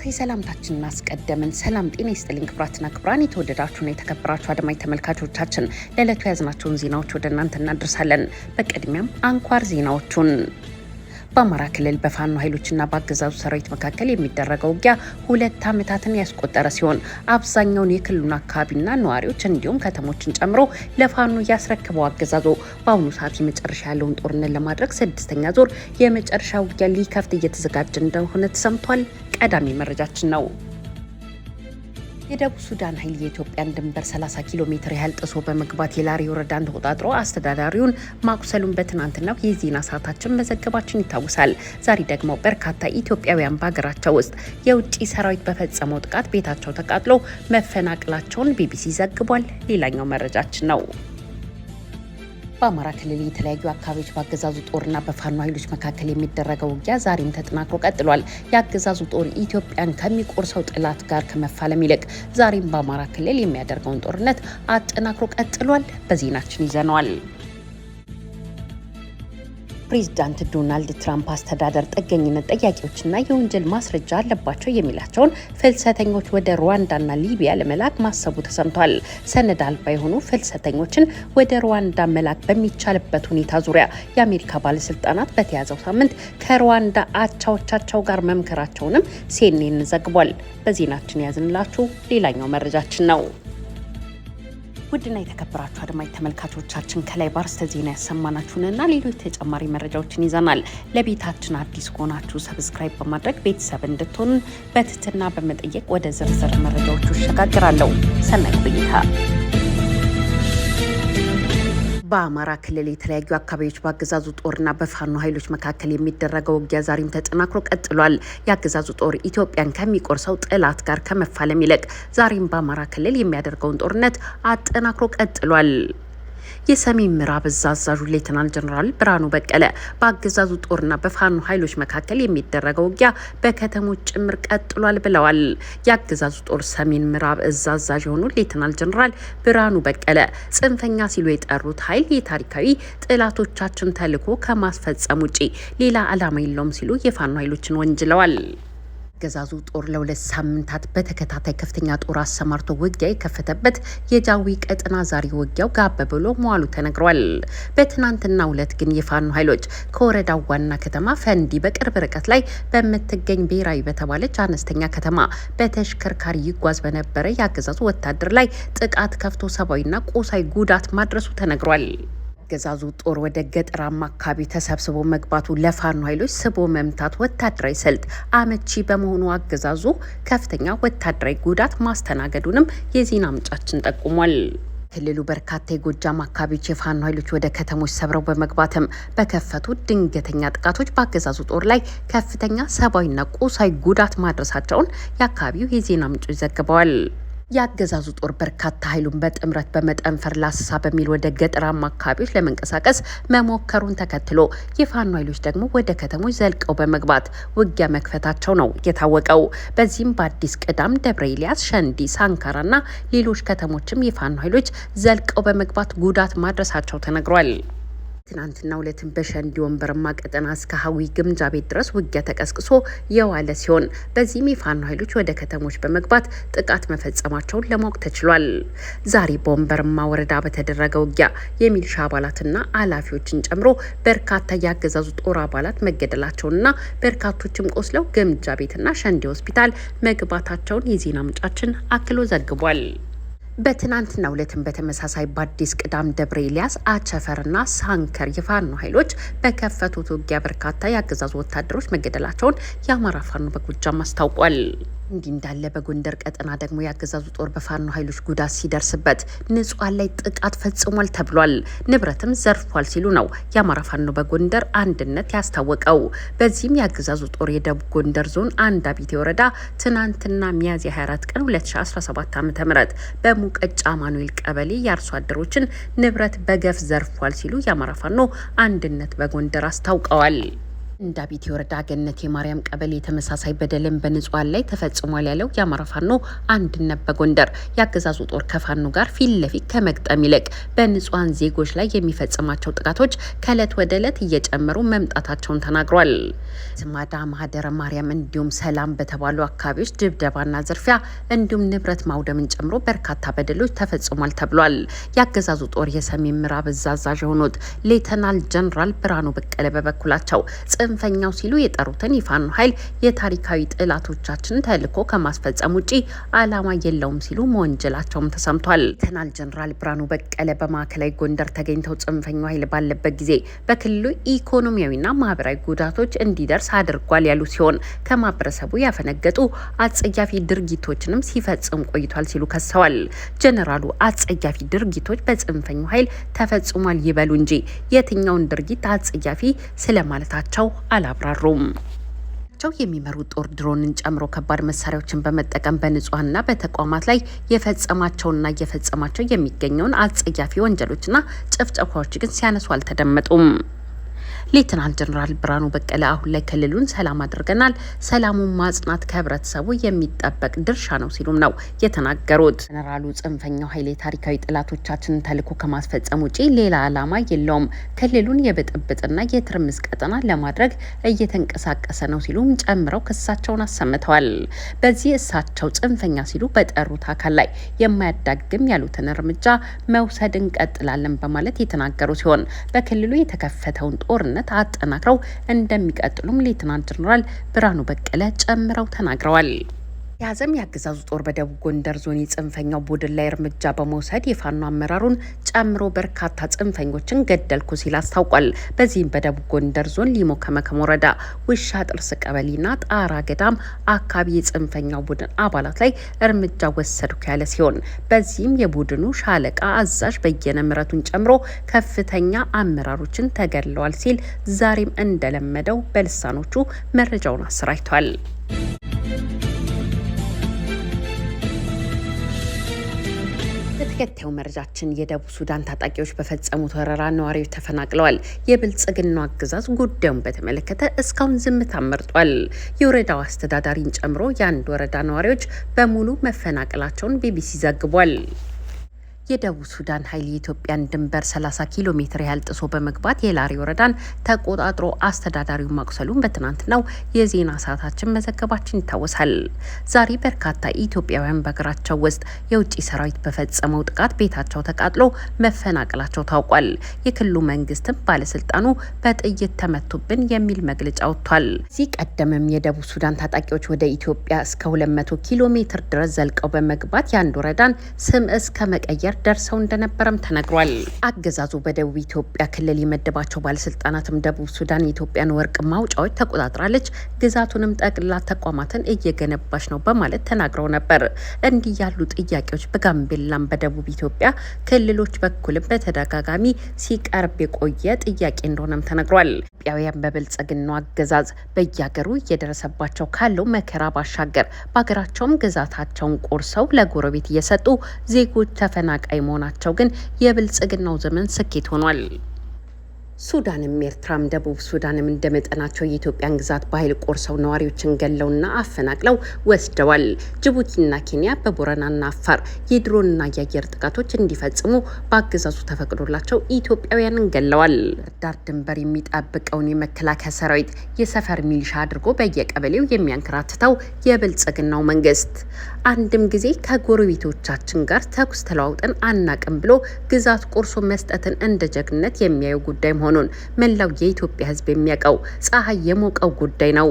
ወቅታዊ ሰላምታችንን አስቀደምን። ሰላም ጤና ይስጥልኝ ክብራትና ክቡራን፣ የተወደዳችሁና የተከበራችሁ አድማጭ ተመልካቾቻችን ለዕለቱ የያዝናቸውን ዜናዎች ወደ እናንተ እናደርሳለን። በቅድሚያም አንኳር ዜናዎቹን በአማራ ክልል በፋኖ ኃይሎችና በአገዛዙ ሰራዊት መካከል የሚደረገው ውጊያ ሁለት ዓመታትን ያስቆጠረ ሲሆን አብዛኛውን የክልሉን አካባቢና ነዋሪዎች እንዲሁም ከተሞችን ጨምሮ ለፋኖ እያስረክበው አገዛዞ በአሁኑ ሰዓት የመጨረሻ ያለውን ጦርነት ለማድረግ ስድስተኛ ዙር የመጨረሻ ውጊያ ሊከፍት እየተዘጋጀ እንደሆነ ተሰምቷል። ቀዳሚ መረጃችን ነው። የደቡብ ሱዳን ኃይል የኢትዮጵያን ድንበር 30 ኪሎ ሜትር ያህል ጥሶ በመግባት የላሪ ወረዳን ተቆጣጥሮ አስተዳዳሪውን ማቁሰሉን በትናንትናው የዜና ሰዓታችን መዘገባችን ይታወሳል። ዛሬ ደግሞ በርካታ ኢትዮጵያውያን በሀገራቸው ውስጥ የውጭ ሰራዊት በፈጸመው ጥቃት ቤታቸው ተቃጥሎ መፈናቀላቸውን ቢቢሲ ዘግቧል። ሌላኛው መረጃችን ነው። በአማራ ክልል የተለያዩ አካባቢዎች በአገዛዙ ጦርና በፋኖ ኃይሎች መካከል የሚደረገው ውጊያ ዛሬም ተጠናክሮ ቀጥሏል። የአገዛዙ ጦር ኢትዮጵያን ከሚቆርሰው ጠላት ጋር ከመፋለም ይልቅ ዛሬም በአማራ ክልል የሚያደርገውን ጦርነት አጠናክሮ ቀጥሏል። በዜናችን ይዘነዋል። ፕሬዚዳንት ዶናልድ ትራምፕ አስተዳደር ጥገኝነት ጠያቂዎችና የወንጀል ማስረጃ አለባቸው የሚላቸውን ፍልሰተኞች ወደ ሩዋንዳና ሊቢያ ለመላክ ማሰቡ ተሰምቷል። ሰነድ አልባ የሆኑ ፍልሰተኞችን ወደ ሩዋንዳ መላክ በሚቻልበት ሁኔታ ዙሪያ የአሜሪካ ባለስልጣናት በተያዘው ሳምንት ከሩዋንዳ አቻዎቻቸው ጋር መምከራቸውንም ሴኔን ዘግቧል። በዜናችን ያዝንላችሁ ሌላኛው መረጃችን ነው። ውድና የተከበራችሁ አድማጭ ተመልካቾቻችን ከላይ በአርዕስተ ዜና ያሰማናችሁንና ሌሎች ተጨማሪ መረጃዎችን ይዘናል። ለቤታችን አዲስ ከሆናችሁ ሰብስክራይብ በማድረግ ቤተሰብ እንድትሆን በትህትና በመጠየቅ ወደ ዝርዝር መረጃዎቹ ይሸጋግራለሁ። ሰናይ ቆይታ በአማራ ክልል የተለያዩ አካባቢዎች በአገዛዙ ጦርና በፋኖ ኃይሎች መካከል የሚደረገው ውጊያ ዛሬም ተጠናክሮ ቀጥሏል። የአገዛዙ ጦር ኢትዮጵያን ከሚቆርሰው ጠላት ጋር ከመፋለም ይልቅ ዛሬም በአማራ ክልል የሚያደርገውን ጦርነት አጠናክሮ ቀጥሏል። የሰሜን ምዕራብ እዝ አዛዡ ሌተናል ብርሃኑ በቀለ በአገዛዙ ጦርና በፋኖ ኃይሎች መካከል የሚደረገው ውጊያ በከተሞች ጭምር ቀጥሏል ብለዋል። የአገዛዙ ጦር ሰሜን ምዕራብ እዝ አዛዥ የሆኑ ሌተናል ጀነራል ብርሃኑ በቀለ ጽንፈኛ ሲሉ የጠሩት ኃይል የታሪካዊ ጠላቶቻችን ተልዕኮ ከማስፈጸም ውጪ ሌላ ዓላማ የለውም ሲሉ የፋኖ ኃይሎችን ወንጅለዋል። አገዛዙ ጦር ለሁለት ሳምንታት በተከታታይ ከፍተኛ ጦር አሰማርቶ ውጊያ የከፈተበት የጃዊ ቀጠና ዛሬ ውጊያው ጋበ ብሎ መዋሉ ተነግሯል። በትናንትናው ዕለት ግን የፋኖ ኃይሎች ከወረዳው ዋና ከተማ ፈንዲ በቅርብ ርቀት ላይ በምትገኝ ብሔራዊ በተባለች አነስተኛ ከተማ በተሽከርካሪ ይጓዝ በነበረ የአገዛዙ ወታደር ላይ ጥቃት ከፍቶ ሰብአዊና ቁሳዊ ጉዳት ማድረሱ ተነግሯል። የአገዛዙ ጦር ወደ ገጠራማ አካባቢ ተሰብስቦ መግባቱ ለፋኖ ኃይሎች ስቦ መምታት ወታደራዊ ስልት አመቺ በመሆኑ አገዛዙ ከፍተኛ ወታደራዊ ጉዳት ማስተናገዱንም የዜና ምንጫችን ጠቁሟል። ክልሉ በርካታ የጎጃም አካባቢዎች የፋኖ ኃይሎች ወደ ከተሞች ሰብረው በመግባትም በከፈቱ ድንገተኛ ጥቃቶች በአገዛዙ ጦር ላይ ከፍተኛ ሰብአዊና ቁሳዊ ጉዳት ማድረሳቸውን የአካባቢው የዜና ምንጮች ዘግበዋል። የአገዛዙ ጦር በርካታ ኃይሉን በጥምረት በመጠንፈር ላሳ በሚል ወደ ገጠራማ አካባቢዎች ለመንቀሳቀስ መሞከሩን ተከትሎ የፋኖ ኃይሎች ደግሞ ወደ ከተሞች ዘልቀው በመግባት ውጊያ መክፈታቸው ነው የታወቀው። በዚህም በአዲስ ቅዳም፣ ደብረ ኤልያስ፣ ሸንዲ፣ እና ሌሎች ከተሞችም የፋኖ ኃይሎች ዘልቀው በመግባት ጉዳት ማድረሳቸው ተነግሯል። ትናንትና ሁለትን በሸንዲ ወንበርማ ቀጠና እስከ ሀዊ ግምጃ ቤት ድረስ ውጊያ ተቀስቅሶ የዋለ ሲሆን በዚህም የፋኖ ኃይሎች ወደ ከተሞች በመግባት ጥቃት መፈጸማቸውን ለማወቅ ተችሏል። ዛሬ በወንበርማ ወረዳ በተደረገ ውጊያ የሚሊሻ አባላትና አላፊዎችን ጨምሮ በርካታ የአገዛዙ ጦር አባላት መገደላቸውንና በርካቶችም ቆስለው ግምጃ ቤትና ሸንዲ ሆስፒታል መግባታቸውን የዜና ምንጫችን አክሎ ዘግቧል። በትናንትናው ዕለትም በተመሳሳይ በአዲስ ቅዳም ደብረ ኤልያስ አቸፈርና ሳንከር የፋኖ ኃይሎች በከፈቱት ውጊያ በርካታ የአገዛዙ ወታደሮች መገደላቸውን የአማራ ፋኖ በጎጃም አስታውቋል። እንዲህ እንዳለ በጎንደር ቀጠና ደግሞ የአገዛዙ ጦር በፋኖ ኃይሎች ጉዳት ሲደርስበት ንጹሐን ላይ ጥቃት ፈጽሟል ተብሏል። ንብረትም ዘርፏል ሲሉ ነው የአማራ ፋኖ በጎንደር አንድነት ያስታወቀው። በዚህም የአገዛዙ ጦር የደቡብ ጎንደር ዞን አንድ አቢቴ ወረዳ ትናንትና ሚያዝያ 24 ቀን 2017 ዓ ም በሙቀጫ አማኑኤል ቀበሌ የአርሶ አደሮችን ንብረት በገፍ ዘርፏል ሲሉ የአማራ ፋኖ አንድነት በጎንደር አስታውቀዋል። እንዳቢት የወረዳ ገነት የማርያም ቀበሌ ተመሳሳይ በደልን በንጹሃን ላይ ተፈጽሟል ያለው የአማራ ፋኖ አንድነት በጎንደር የአገዛዙ ጦር ከፋኖ ጋር ፊት ለፊት ከመግጠም ይልቅ በንጹሃን ዜጎች ላይ የሚፈጽማቸው ጥቃቶች ከእለት ወደ እለት እየጨመሩ መምጣታቸውን ተናግሯል። ዝማዳ ማህደረ ማርያም እንዲሁም ሰላም በተባሉ አካባቢዎች ድብደባና ዝርፊያ እንዲሁም ንብረት ማውደምን ጨምሮ በርካታ በደሎች ተፈጽሟል ተብሏል። የአገዛዙ ጦር የሰሜን ምዕራብ እዝ አዛዥ የሆኑት ሌተናል ጀነራል ብርሃኑ በቀለ በበኩላቸው ጽንፈኛው ሲሉ የጠሩትን የፋኖ ኃይል የታሪካዊ ጠላቶቻችን ተልዕኮ ከማስፈጸም ውጪ ዓላማ የለውም ሲሉ መወንጀላቸውም ተሰምቷል። ተናል ጀኔራል ብርሃኑ በቀለ በማዕከላዊ ጎንደር ተገኝተው ጽንፈኛው ኃይል ባለበት ጊዜ በክልሉ ኢኮኖሚያዊና ማህበራዊ ጉዳቶች እንዲደርስ አድርጓል ያሉ ሲሆን ከማህበረሰቡ ያፈነገጡ አጸያፊ ድርጊቶችንም ሲፈጽም ቆይቷል ሲሉ ከሰዋል። ጀኔራሉ አጸያፊ ድርጊቶች በጽንፈኛው ኃይል ተፈጽሟል ይበሉ እንጂ የትኛውን ድርጊት አጸያፊ ስለማለታቸው አላብራሩም። የሚመሩት ጦር ድሮንን ጨምሮ ከባድ መሳሪያዎችን በመጠቀም በንጹሐንና በተቋማት ላይ የፈጸማቸውና እየፈጸማቸው የሚገኘውን አጸያፊ ወንጀሎችና ጭፍጨፋዎች ግን ሲያነሱ አልተደመጡም። ሌትናል ጀነራል ብርሃኑ በቀለ አሁን ላይ ክልሉን ሰላም አድርገናል፣ ሰላሙን ማጽናት ከህብረተሰቡ የሚጠበቅ ድርሻ ነው ሲሉም ነው የተናገሩት። ጀነራሉ ጽንፈኛው ኃይሌ ታሪካዊ ጠላቶቻችንን ተልዕኮ ከማስፈጸም ውጪ ሌላ ዓላማ የለውም፣ ክልሉን የብጥብጥና የትርምስ ቀጠና ለማድረግ እየተንቀሳቀሰ ነው ሲሉም ጨምረው ክሳቸውን አሰምተዋል። በዚህ እሳቸው ጽንፈኛ ሲሉ በጠሩት አካል ላይ የማያዳግም ያሉትን እርምጃ መውሰድ እንቀጥላለን በማለት የተናገሩ ሲሆን በክልሉ የተከፈተውን ጦርነት ግንኙነት አጠናክረው እንደሚቀጥሉም ሌትናንት ጀኔራል ብርሃኑ በቀለ ጨምረው ተናግረዋል። የአዘም የአገዛዙ ጦር በደቡብ ጎንደር ዞን የጽንፈኛው ቡድን ላይ እርምጃ በመውሰድ የፋኖ አመራሩን ጨምሮ በርካታ ጽንፈኞችን ገደልኩ ሲል አስታውቋል። በዚህም በደቡብ ጎንደር ዞን ሊሞ ከመከም ወረዳ ውሻ ጥርስ ቀበሌና ጣራ ገዳም አካባቢ የጽንፈኛው ቡድን አባላት ላይ እርምጃ ወሰድኩ ያለ ሲሆን በዚህም የቡድኑ ሻለቃ አዛዥ በየነ ምረቱን ጨምሮ ከፍተኛ አመራሮችን ተገድለዋል ሲል ዛሬም እንደለመደው በልሳኖቹ መረጃውን አሰራጅቷል። ተከታዩ መረጃችን የደቡብ ሱዳን ታጣቂዎች በፈጸሙት ወረራ ነዋሪዎች ተፈናቅለዋል። የብልጽግናው አገዛዝ ጉዳዩን በተመለከተ እስካሁን ዝምታ መርጧል። የወረዳው አስተዳዳሪን ጨምሮ የአንድ ወረዳ ነዋሪዎች በሙሉ መፈናቀላቸውን ቢቢሲ ዘግቧል። የደቡብ ሱዳን ኃይል የኢትዮጵያን ድንበር 30 ኪሎ ሜትር ያህል ጥሶ በመግባት የላሪ ወረዳን ተቆጣጥሮ አስተዳዳሪውን ማቁሰሉን በትናንትናው የዜና ሰዓታችን መዘገባችን ይታወሳል። ዛሬ በርካታ ኢትዮጵያውያን በሀገራቸው ውስጥ የውጭ ሰራዊት በፈጸመው ጥቃት ቤታቸው ተቃጥሎ መፈናቀላቸው ታውቋል። የክልሉ መንግስትም ባለስልጣኑ በጥይት ተመቱብን የሚል መግለጫ ወጥቷል። እዚህ ቀደምም የደቡብ ሱዳን ታጣቂዎች ወደ ኢትዮጵያ እስከ 200 ኪሎ ሜትር ድረስ ዘልቀው በመግባት የአንድ ወረዳን ስም እስከ መቀየር ደርሰው እንደነበረም ተነግሯል። አገዛዙ በደቡብ ኢትዮጵያ ክልል የመደባቸው ባለስልጣናትም ደቡብ ሱዳን የኢትዮጵያን ወርቅ ማውጫዎች ተቆጣጥራለች፣ ግዛቱንም ጠቅላ ተቋማትን እየገነባች ነው በማለት ተናግረው ነበር። እንዲህ ያሉ ጥያቄዎች በጋምቤላም በደቡብ ኢትዮጵያ ክልሎች በኩልም በተደጋጋሚ ሲቀርብ የቆየ ጥያቄ እንደሆነም ተነግሯል። ኢትዮጵያውያን በብልጽግናው አገዛዝ በየሀገሩ እየደረሰባቸው ካለው መከራ ባሻገር በሀገራቸውም ግዛታቸውን ቆርሰው ለጎረቤት እየሰጡ ዜጎች ተፈና ተቀናቃይ መሆናቸው ግን የብልጽግናው ዘመን ስኬት ሆኗል። ሱዳንም ኤርትራም ደቡብ ሱዳንም እንደመጠናቸው የኢትዮጵያን ግዛት በኃይል ቆርሰው ነዋሪዎችን ገለውና አፈናቅለው ወስደዋል። ጅቡቲና ኬንያ በቦረናና አፋር የድሮንና የአየር ጥቃቶች እንዲፈጽሙ በአገዛዙ ተፈቅዶላቸው ኢትዮጵያውያንን ገለዋል። ዳር ድንበር የሚጠብቀውን የመከላከያ ሰራዊት የሰፈር ሚሊሻ አድርጎ በየቀበሌው የሚያንከራትተው የብልጽግናው መንግስት አንድም ጊዜ ከጎረቤቶቻችን ጋር ተኩስ ተለዋውጠን አናቅም ብሎ ግዛት ቆርሶ መስጠትን እንደ ጀግነት የሚያዩ ጉዳይ መሆኑ መሆኑን መላው የኢትዮጵያ ሕዝብ የሚያውቀው ፀሐይ የሞቀው ጉዳይ ነው።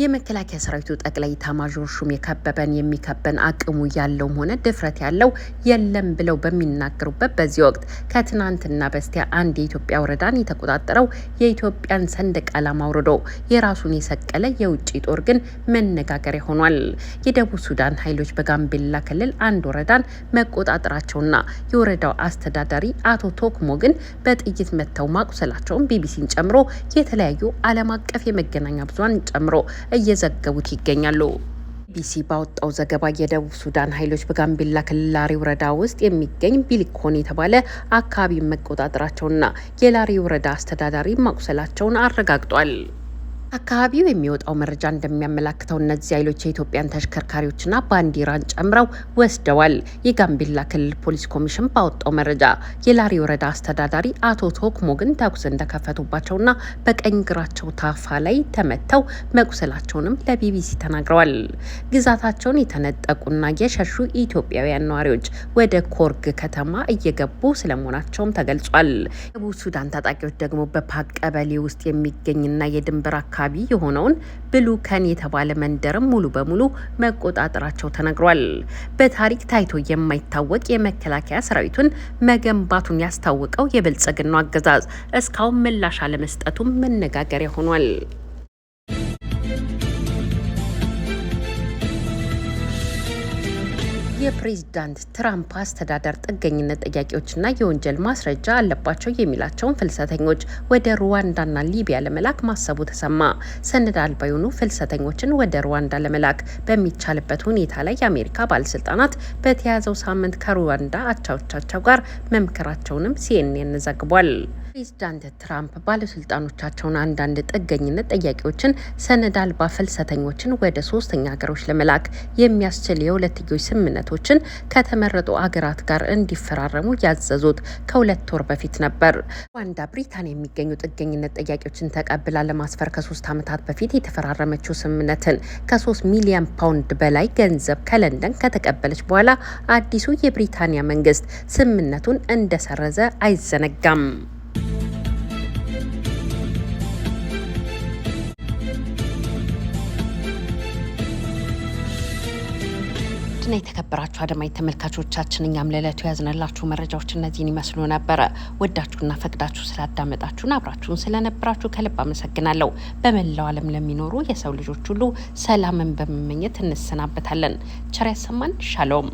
የመከላከያ ሰራዊቱ ጠቅላይ ኤታማዦር ሹም የከበበን የሚከበን አቅሙ ያለውም ሆነ ድፍረት ያለው የለም ብለው በሚናገሩበት በዚህ ወቅት ከትናንትና በስቲያ አንድ የኢትዮጵያ ወረዳን የተቆጣጠረው የኢትዮጵያን ሰንደቅ ዓላማ አውርዶ የራሱን የሰቀለ የውጭ ጦር ግን መነጋገሪያ ሆኗል። የደቡብ ሱዳን ኃይሎች በጋምቤላ ክልል አንድ ወረዳን መቆጣጠራቸውና የወረዳው አስተዳዳሪ አቶ ቶክሞ ግን በጥይት መጥተው ማቁሰላቸውን ቢቢሲን ጨምሮ የተለያዩ ዓለም አቀፍ የመገናኛ ብዙሃን ጨምሮ እየዘገቡት ይገኛሉ። ቢሲ ባወጣው ዘገባ የደቡብ ሱዳን ኃይሎች በጋምቤላ ክልል ላሪ ወረዳ ውስጥ የሚገኝ ቢሊኮን የተባለ አካባቢ መቆጣጠራቸውና የላሪ ወረዳ አስተዳዳሪ ማቁሰላቸውን አረጋግጧል። አካባቢው የሚወጣው መረጃ እንደሚያመላክተው እነዚህ ኃይሎች የኢትዮጵያን ተሽከርካሪዎችና ባንዲራን ጨምረው ወስደዋል። የጋምቤላ ክልል ፖሊስ ኮሚሽን ባወጣው መረጃ የላሪ ወረዳ አስተዳዳሪ አቶ ቶክሞ ግን ተኩስ እንደከፈቱባቸውና በቀኝ እግራቸው ታፋ ላይ ተመተው መቁሰላቸውንም ለቢቢሲ ተናግረዋል። ግዛታቸውን የተነጠቁና የሸሹ ኢትዮጵያውያን ነዋሪዎች ወደ ኮርግ ከተማ እየገቡ ስለመሆናቸውም ተገልጿል። ደቡብ ሱዳን ታጣቂዎች ደግሞ በፓቅ ቀበሌ ውስጥ የሚገኝና የድንበር አካባቢ አካባቢ የሆነውን ብሉከን የተባለ መንደርም ሙሉ በሙሉ መቆጣጠራቸው ተነግሯል። በታሪክ ታይቶ የማይታወቅ የመከላከያ ሰራዊቱን መገንባቱን ያስታወቀው የብልጽግናው አገዛዝ እስካሁን ምላሽ አለመስጠቱም መነጋገሪያ ሆኗል። የፕሬዚዳንት ትራምፕ አስተዳደር ጥገኝነት ጥያቄዎችና የወንጀል ማስረጃ አለባቸው የሚላቸውን ፍልሰተኞች ወደ ሩዋንዳና ሊቢያ ለመላክ ማሰቡ ተሰማ። ሰነድ አልባ የሆኑ ፍልሰተኞችን ወደ ሩዋንዳ ለመላክ በሚቻልበት ሁኔታ ላይ የአሜሪካ ባለስልጣናት በተያዘው ሳምንት ከሩዋንዳ አቻዎቻቸው ጋር መምከራቸውንም ሲኤንኤን ዘግቧል። ፕሬዚዳንት ትራምፕ ባለስልጣኖቻቸውን አንዳንድ ጥገኝነት ጠያቂዎችን ሰነድ አልባ ፍልሰተኞችን ወደ ሶስተኛ ሀገሮች ለመላክ የሚያስችል የሁለትዮሽ ስምምነቶችን ከተመረጡ አገራት ጋር እንዲፈራረሙ ያዘዙት ከሁለት ወር በፊት ነበር። ሩዋንዳ ብሪታንያ የሚገኙ ጥገኝነት ጠያቂዎችን ተቀብላ ለማስፈር ከሶስት ዓመታት በፊት የተፈራረመችው ስምምነትን ከሶስት ሚሊዮን ፓውንድ በላይ ገንዘብ ከለንደን ከተቀበለች በኋላ አዲሱ የብሪታንያ መንግስት ስምምነቱን እንደሰረዘ አይዘነጋም። ውድና የተከበራችሁ አድማጭ ተመልካቾቻችን እኛም ለዕለቱ ያዝነላችሁ መረጃዎች እነዚህን ይመስሉ ነበረ። ወዳችሁና ፈቅዳችሁ ስላዳመጣችሁን አብራችሁን ስለነበራችሁ ከልብ አመሰግናለሁ። በመላው ዓለም ለሚኖሩ የሰው ልጆች ሁሉ ሰላምን በመመኘት እንሰናበታለን። ቸር ያሰማን። ሻሎም